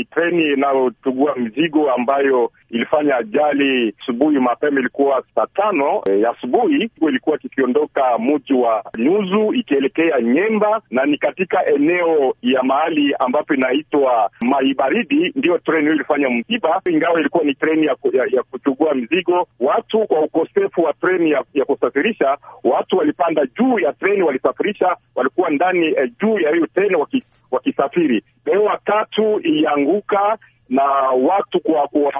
ni treni inayotugua mzigo ambayo ilifanya ajali asubuhi mapema, ilikuwa saa tano e, asubuhi ilikuwa kikiondoka mji wa Nyuzu ikielekea Nyemba, na ni katika eneo ya mahali ambapo inaitwa Maibaridi ndiyo treni hiyo ilifanya msiba, ingawa ilikuwa ni treni ya, ya, ya kuchugua mzigo. Watu kwa ukosefu wa treni ya, ya kusafirisha, watu walipanda juu ya treni, walisafirisha, walikuwa ndani eh, juu ya hiyo treni waki wakisafiri. Leo watatu ilianguka na watu kuwa, kuwa,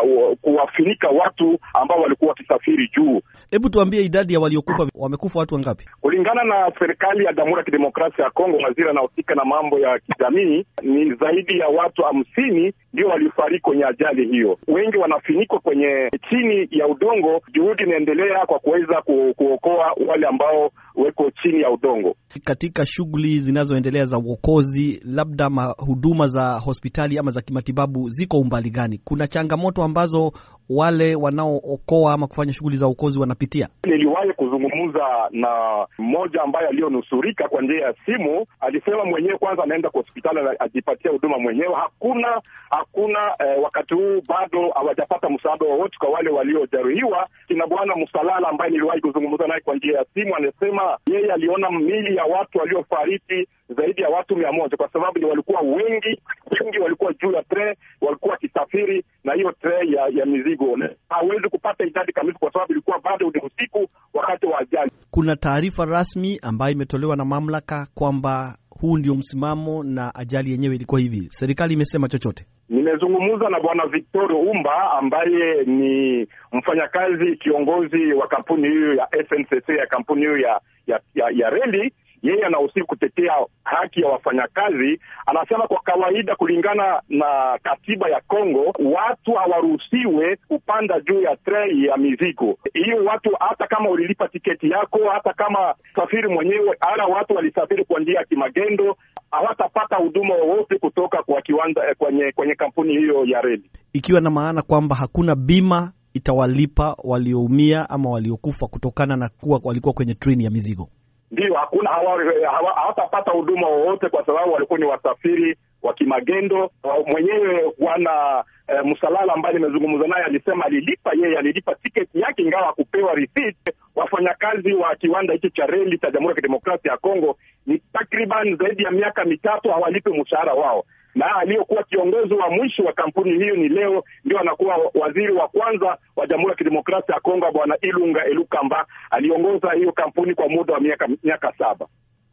kuwafinika watu ambao walikuwa wakisafiri juu. Hebu tuambie idadi ya waliokufa, wamekufa watu wangapi? Kulingana na serikali ya Jamhuri ya Kidemokrasia ya Kongo, waziri anahusika na mambo ya kijamii, ni zaidi ya watu hamsini ndio waliofariki kwenye ajali hiyo. Wengi wanafinikwa kwenye chini ya udongo. Juhudi inaendelea kwa kuweza ku, kuokoa wale ambao weko chini ya udongo. Katika shughuli zinazoendelea za uokozi, labda huduma za hospitali ama za kimatibabu ziko umbali gani? Kuna changamoto ambazo wale wanaookoa ama kufanya shughuli za uokozi wanapitia? Niliwahi kuzungumza na mmoja ambaye aliyonusurika kwa njia ya simu, alisema mwenyewe kwanza anaenda kwa hospitali ajipatia huduma mwenyewe. Hakuna hakuna eh, wakati huu bado hawajapata msaada wowote kwa wale waliojeruhiwa. Kina bwana Msalala ambaye niliwahi kuzungumza naye kwa njia ya simu, anasema yeye aliona mili ya watu waliofariki zaidi ya watu mia moja kwa sababu ni walikuwa wengi wengi, walikuwa juu ya tre, walikuwa wakisafiri na hiyo tre ya, ya mizigo hivyo hawezi kupata idadi kamili, kwa sababu ilikuwa bado ni usiku wakati wa ajali. Kuna taarifa rasmi ambayo imetolewa na mamlaka kwamba huu ndio msimamo na ajali yenyewe ilikuwa hivi. Serikali imesema chochote? Nimezungumza na bwana Victorio Umba ambaye ni mfanyakazi kiongozi wa kampuni hiyo ya SNCC ya kampuni hiyo ya ya, ya, ya reli yeye anahusika kutetea haki ya wafanyakazi. Anasema kwa kawaida, kulingana na katiba ya Kongo, watu hawaruhusiwe kupanda juu ya trei ya mizigo hiyo. Watu hata kama ulilipa tiketi yako, hata kama safiri mwenyewe, ala, watu walisafiri kwa njia ya kimagendo, hawatapata huduma wowote kutoka kwa kiwanda eh, kwenye, kwenye kampuni hiyo ya reli, ikiwa na maana kwamba hakuna bima itawalipa walioumia ama waliokufa kutokana na kuwa walikuwa kwenye treni ya mizigo. Ndio, hakuna hawatapata huduma wowote kwa sababu walikuwa ni wasafiri wa kimagendo. Mwenyewe bwana e, Msalala ambaye nimezungumza naye alisema alilipa yeye, alilipa tiketi yake, ingawa hakupewa risiti. Wafanyakazi wa kiwanda hicho cha reli cha Jamhuri ya Kidemokrasia ya Kongo ni takriban zaidi ya miaka mitatu hawalipi mshahara wao na aliyokuwa kiongozi wa mwisho wa kampuni hiyo ni leo ndio anakuwa waziri wa kwanza wa Jamhuri ya Kidemokrasia ya Kongo, Bwana Ilunga Elukamba aliongoza hiyo kampuni kwa muda wa miaka miaka saba.